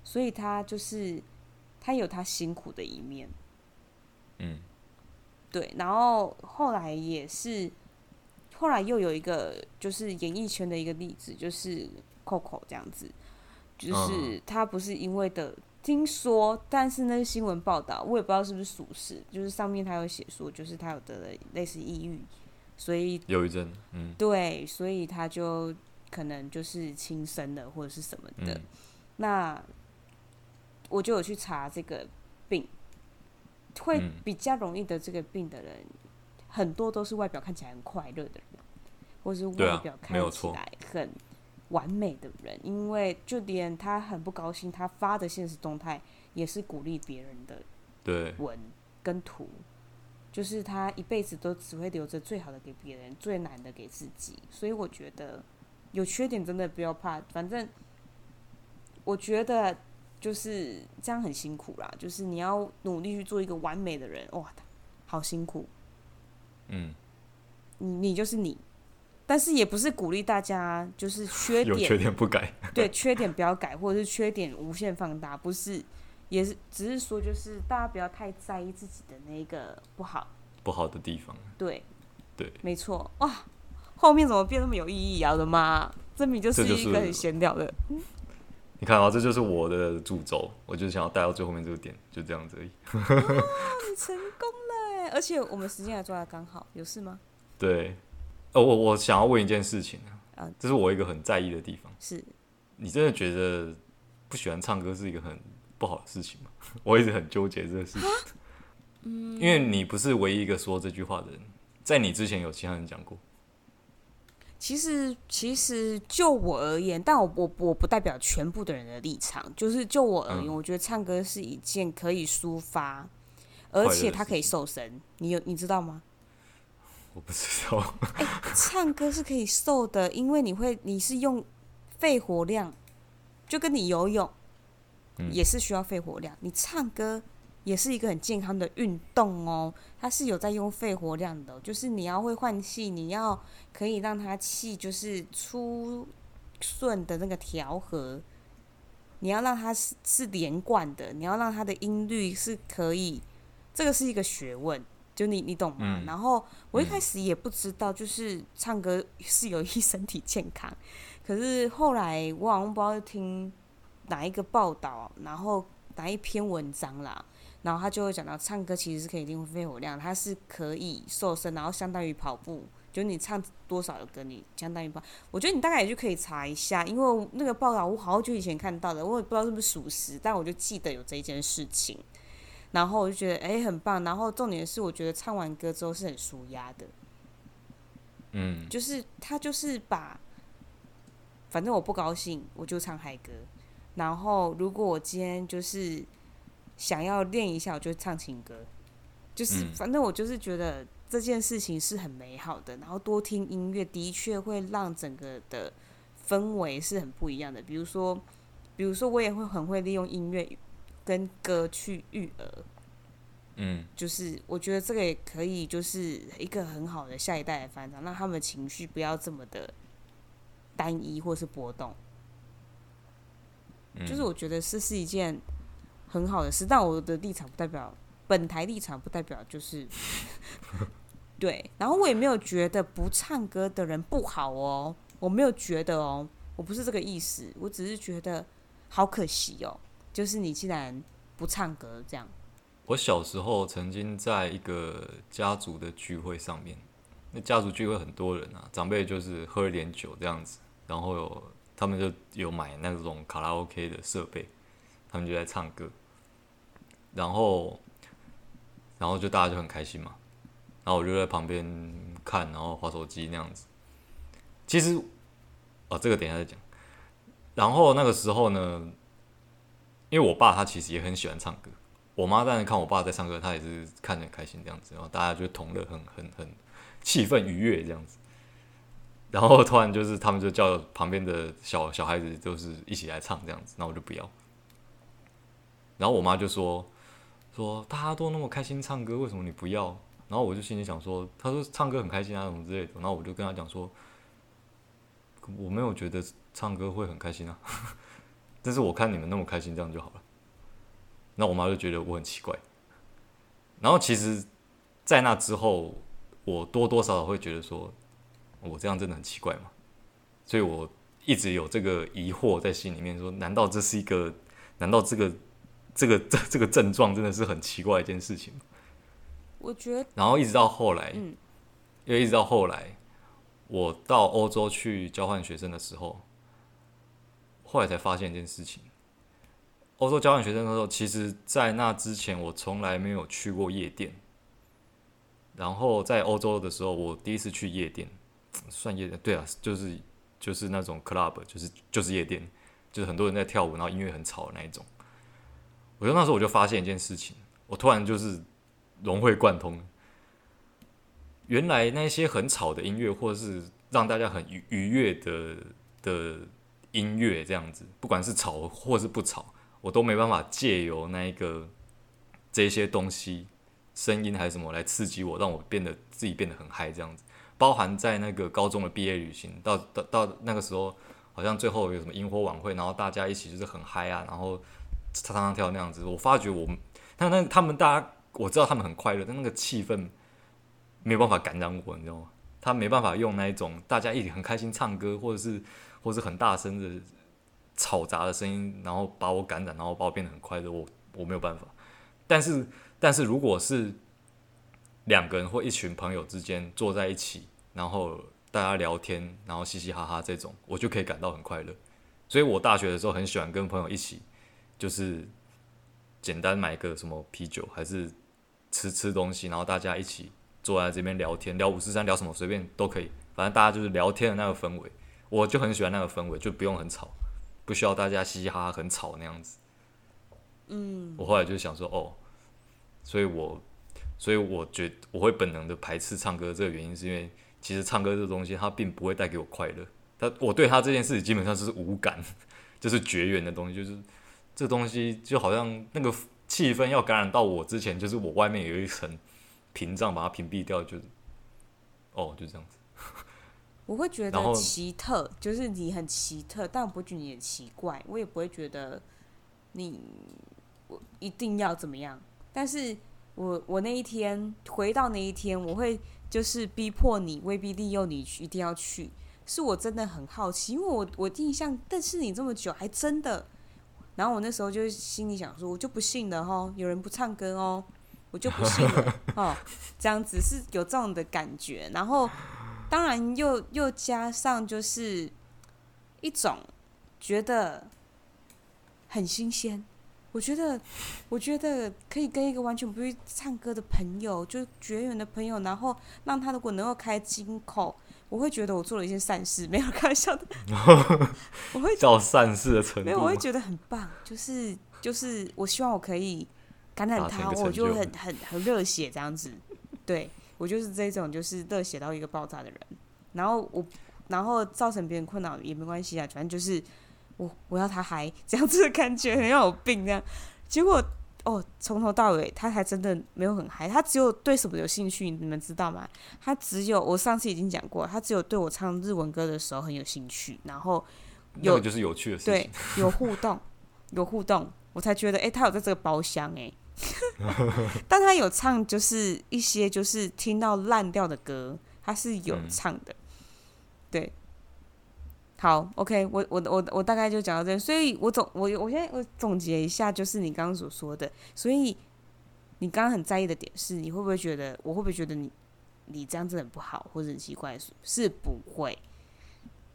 所以她就是她有她辛苦的一面。嗯，對，然後後來也是。後來又有一個就是演藝圈的一個例子，就是 Coco 這樣子，就是他不是因為的，嗯、聽說，但是那個新聞報道我也不知道是不是屬實，就是上面他有寫說，就是他有得了類似抑鬱，所以有一陣，嗯，對，所以他就可能就是輕生的或者是什麼的、嗯。那我就有去查這個病，會比較容易得這個病的人、嗯，很多都是外表看起來很快樂的人。或是外表看起來很完美的人、啊，因為就連他很不高興，他發的現實動態也是鼓勵別人的文跟圖，就是他一輩子都只會留着最好的給別人，最難的給自己。所以我覺得有缺點真的不要怕，反正我覺得就是這樣很辛苦啦，就是你要努力去做一個完美的人，哇，好辛苦。嗯，你你就是你。但是也不是鼓勵大家，就是缺點有缺點不改， 對，缺點不要改，或者是缺點無限放大，不是，也是只是說，就是大家不要太在意自己的那個不好，不好的地方，對，對，沒錯，哇，後面怎麼變那麼有意義啊？我的媽，證明就是一個很閒聊的，就是嗯、你看啊，這就是我的主軸，我就想要帶到最後面這個點，就這樣子而已。 哇，你成功了， 而且我們時間還抓得剛好，有事嗎？對。哦、我我想要問一件事情啊，這是我一個很在意的地方。是，你真的覺得不喜歡唱歌是一個很不好的事情嗎？ 我一直很糾結這個事情、啊。嗯，因為你不是唯一一個說這句話的人，在你之前有其他人講過。其實，其實就我而言，但我我我不代表全部的人的立場，就是就我而言，嗯、我覺得唱歌是一件可以抒發，而且它可以瘦身、哦。你有你知道嗎？我不是 So 欸、 唱歌是可以瘦、so、的，因為你會，你是用肺活量，就跟你游泳、嗯、也是需要肺活量。你唱歌也是一個很健康的運動哦，它是有在用肺活量的、哦，就是你要會換氣，你要可以讓它氣就是出順的那個調和，你要讓它是是連貫的，你要讓它的音律是可以，這個是一個學問。就你，你懂嗎、嗯？然後我一開始也不知道，就是唱歌是有益身體健康、嗯。可是後來我好像不知道是聽哪一個報道，然後哪一篇文章啦，然後他就會講到唱歌其實是可以練肺活量，它是可以瘦身，然後相當於跑步。就你唱多少的歌，你相當於跑。我覺得你大概也就可以查一下，因為那個報道我好久以前看到的，我也不知道是不是屬實，但我就記得有這一件事情。然後我就覺得哎很棒，然後重點是我覺得唱完歌之後是很舒壓的，嗯，就是他就是把，反正我不高興我就唱嗨歌，然後如果我今天就是想要練一下我就唱情歌，就是、嗯、反正我就是覺得這件事情是很美好的，然後多聽音樂的確會讓整個的氛圍是很不一樣的，比如說比如說我也會很會利用音樂。跟歌去育兒，嗯，就是我覺得這個也可以，就是一個很好的下一代的翻唱，讓他們的情緒不要這麼的單一或是波動。就是我覺得這是一件很好的事，但我的立場不代表本台立場，不代表就是，對。然後我也沒有覺得不唱歌的人不好哦，我沒有覺得哦，我不是這個意思，我只是覺得好可惜哦。就是你竟然不唱歌這樣。我小時候曾經在一個家族的聚會上面，那家族聚會很多人啊，長輩就是喝了點酒這樣子，然後有他們就有買那種卡拉 OK 的設備，他們就在唱歌，然後然後就大家就很開心嘛，然後我就在旁邊看，然後划手機那樣子。其實啊、哦，這個等一下再講。然後那個時候呢，因為我爸他其實也很喜歡唱歌，我媽當時看我爸在唱歌，他也是看着開心這樣子，然後大家就同樂，很很很氣氛愉悅這樣子，然後突然就是他們就叫旁邊的小小孩子就是一起來唱這樣子，那我就不要，然後我媽就說說大家都那麼開心唱歌，為什麼你不要？然後我就心裡想說，他說唱歌很開心啊什麼之類的，然後我就跟他講說，我沒有覺得唱歌會很開心啊。但是我看你們那麼開心，這樣就好了。那我媽就覺得我很奇怪。然後其實，在那之後，我多多少少會覺得說，我這樣真的很奇怪嘛。所以我一直有這個疑惑在心裡面，說，難道這是一個？難道這個這個這這個症狀真的是很奇怪一件事情嗎？我覺得。然後一直到後來，嗯，因為一直到後來，我到歐洲去交換學生的時候。後來才發現一件事情，歐洲交換學生的時候，其實在那之前我從來沒有去過夜店。然後在歐洲的時候，我第一次去夜店，算夜店？對啊，就是就是那種 club，就是就是夜店，就是很多人在跳舞，然後音樂很吵的那一種。我覺得那時候我就發現一件事情，我突然就是融會貫通，原來那些很吵的音樂，或者是讓大家很愉愉悅的的。的音樂這樣子，不管是吵或是不吵，我都沒辦法借由那個、一個這些東西、聲音還是什麼來刺激我，讓我變得自己變得很嗨這樣子。包含在那個高中的畢業旅行，到到到那個時候，好像最後有什麼營火晚會，然後大家一起就是很嗨啊，然後唱唱跳那樣子。我發覺我，那那他們大家，我知道他們很快樂，但那個氣氛沒有辦法感染我，你知道嗎？他沒辦法用那一種大家一起很開心唱歌，或者是。或是很大聲的吵雜的聲音，然後把我感染，然後把我變得很快樂。我我沒有辦法。但是，但是如果是兩個人或一群朋友之間坐在一起，然後大家聊天，然後嘻嘻哈哈這種，我就可以感到很快樂。所以我大學的時候很喜歡跟朋友一起，就是簡單買個什麼啤酒，還是吃吃東西，然後大家一起坐在這邊聊天，聊五四三，聊什麼隨便都可以，反正大家就是聊天的那個氛圍。我就很喜歡那個氛圍，就不用很吵，不需要大家嘻嘻哈哈很吵那樣子。嗯，我後來就想說，哦，所以我，所以我，我覺得我會本能的排斥唱歌這個原因，是因為其實唱歌這個東西，它並不會帶給我快樂。他我對他這件事情基本上是無感，就是絕緣的東西，就是這東西就好像那個氣氛要感染到我之前，就是我外面有一層屏障把它屏蔽掉，就是，哦，就這樣子。我會覺得奇特，就是你很奇特，但我不覺得你很奇怪，我也不會覺得你我一定要怎麼樣。但是我我那一天回到那一天，我會就是逼迫你、威逼利誘你一定要去，是我真的很好奇，因為我我印象但是你這麼久，還真的。然後我那時候就心裡想說，我就不信了哈，有人不唱歌哦、喔，我就不信了 哦，這樣子是有這樣的感覺，然後。當然又，又又加上就是一種覺得很新鮮。我覺得，我覺得可以跟一個完全不會唱歌的朋友，就絕緣的朋友，然後讓他如果能夠開金口，我會覺得我做了一件善事，沒有開玩笑的。 我會做善事的程度，沒有，我會覺得很棒。就是就是，我希望我可以感染他，我就會很很很熱血這樣子，對。我就是這種，就是熱血到一個爆炸的人，然後我，然後造成別人困擾也沒關係啊，反正就是我我要他嗨這樣子的感覺，很有病這樣。結果哦，從頭到尾他還真的沒有很嗨，他只有對什麼有興趣，你們知道嗎？他只有我上次已經講過，他只有對我唱日文歌的時候很有興趣，然後有、那個、就是有趣的事情，對，有互動，有互動，我才覺得哎、欸，他有在這個包廂哎、欸。 但他有唱，就是一些就是聽到爛掉的歌，他是有唱的。嗯、對，好，OK，我我我我大概就講到這，所以我，我總我我現在我總結一下，就是你剛剛所說的，所以你剛剛很在意的點是，你會不會覺得，我會不會覺得你你這樣子很不好或者很奇怪？是不會，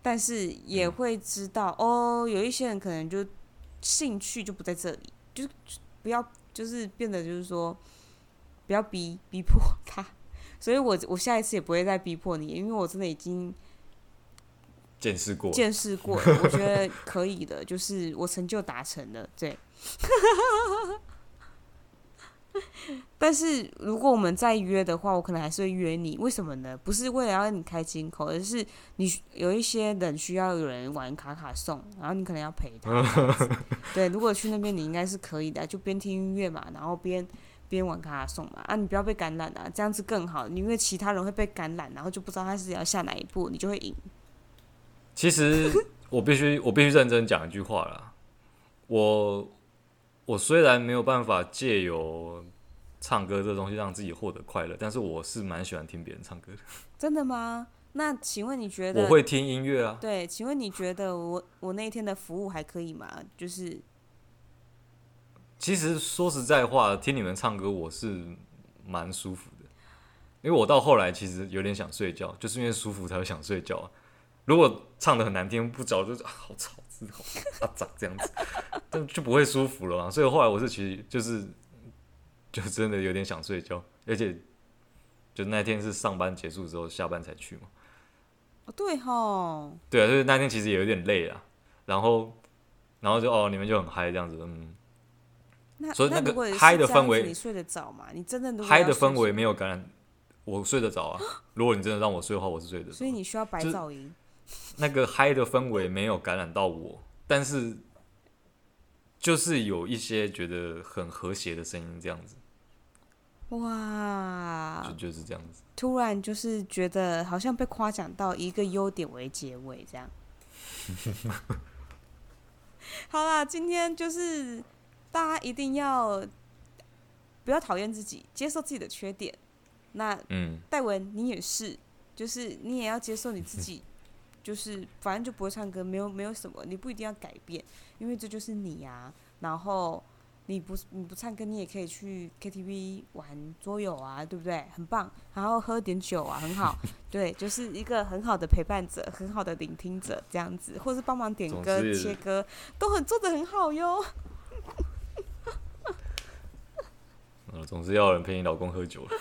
但是也會知道、嗯、哦，有一些人可能就興趣就不在這裡，就不要。就是變得就是說，不要逼逼迫他，所以我我下一次也不會再逼迫你，因為我真的已經見識過，見識過，我覺得可以的， 就是我成就達成了，對。 但是如果我們再約的話，我可能還是會約你。為什麼呢？不是為了要讓你開金口，而是你有一些人需要有人玩卡卡送，然後你可能要陪他。 對，如果去那邊，你應該是可以的，就邊聽音樂嘛，然後邊邊玩卡卡送嘛。啊，你不要被感染啊，這樣子更好，你因為其他人會被感染，然後就不知道他是要下哪一步，你就會贏。其實我必須 我必須認真講一句話了，我。我雖然沒有辦法借由唱歌這東西讓自己獲得快樂，但是我是蠻喜歡聽別人唱歌的。真的嗎？那請問你覺得？我會聽音樂啊。對，請問你覺得我我那天的服務還可以嗎？就是，其實說實在話，聽你們唱歌我是蠻舒服的，因為我到後來其實有點想睡覺，就是因為舒服才會想睡覺啊。如果唱得很難聽，不着就好吵。啊，長這樣子就，就不會舒服了嘛。所以後來我是其實就是，就真的有點想睡覺，而且就那天是上班結束之後下班才去嘛。對哈、哦。對啊，就是那天其實也有點累啦。然後，然後就哦，你們就很嗨這樣子，嗯。那所以那個嗨的氛圍，你睡得着嘛？你真的嗨的氛圍沒有感染我睡得着啊？如果你真的讓我睡的話，我是睡得着。所以你需要白噪音。那個嗨的氛圍沒有感染到我，但是就是有一些覺得很和諧的聲音，這樣子，哇就，就是這樣子，突然就是覺得好像被誇獎到一個優點為結尾這樣。 好啦，今天就是大家一定要不要討厭自己，接受自己的缺點。那嗯，戴文你也是，就是你也要接受你自己、嗯。就是，反正就不會唱歌，沒有沒有什麼，你不一定要改變，因為這就是你呀、啊。然後你不你不唱歌，你也可以去 KTV 玩桌遊啊，對不對？很棒，然後喝點酒啊，很好。 對，就是一個很好的陪伴者，很好的聆聽者，這樣子，或是幫忙點歌、切歌，都很做得很好喲。嗯， 總是要有人陪你老公喝酒了。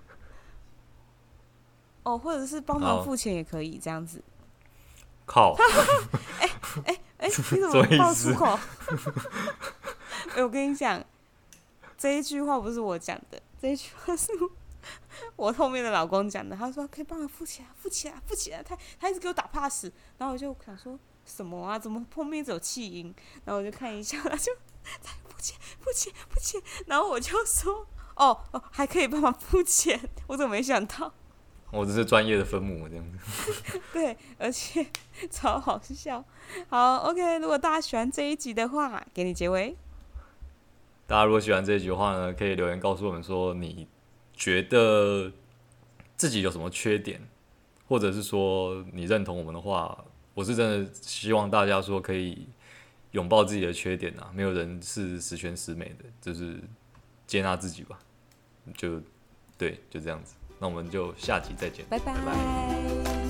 哦，或者是幫忙付錢也可以、oh. 這樣子。靠！哎哎哎，你怎麼爆粗口？哎、 欸，我跟你講，這一句話不是我講的，這一句話是我後面的老公講的。他說可以幫我付錢、啊，付錢、啊，付錢、啊。他他一直給我打 pass，然後我就想說什麼啊？怎麼後面只有氣音？然後我就看一下，他就付錢，付錢，付錢，錢。然後我就說哦哦，還可以幫忙付錢，我怎麼沒想到？我只是專業的分母這樣子 對，而且超好笑。好，OK，如果大家喜歡這一集的話，給你結尾。大家如果喜歡這一集的話呢，可以留言告訴我們說，你覺得自己有什麼缺點，或者是說你認同我們的話，我是真的希望大家說可以擁抱自己的缺點啊，沒有人是十全十美的，就是接納自己吧。就對，就這樣子。那我們就下集再見，拜拜。拜拜，嗯。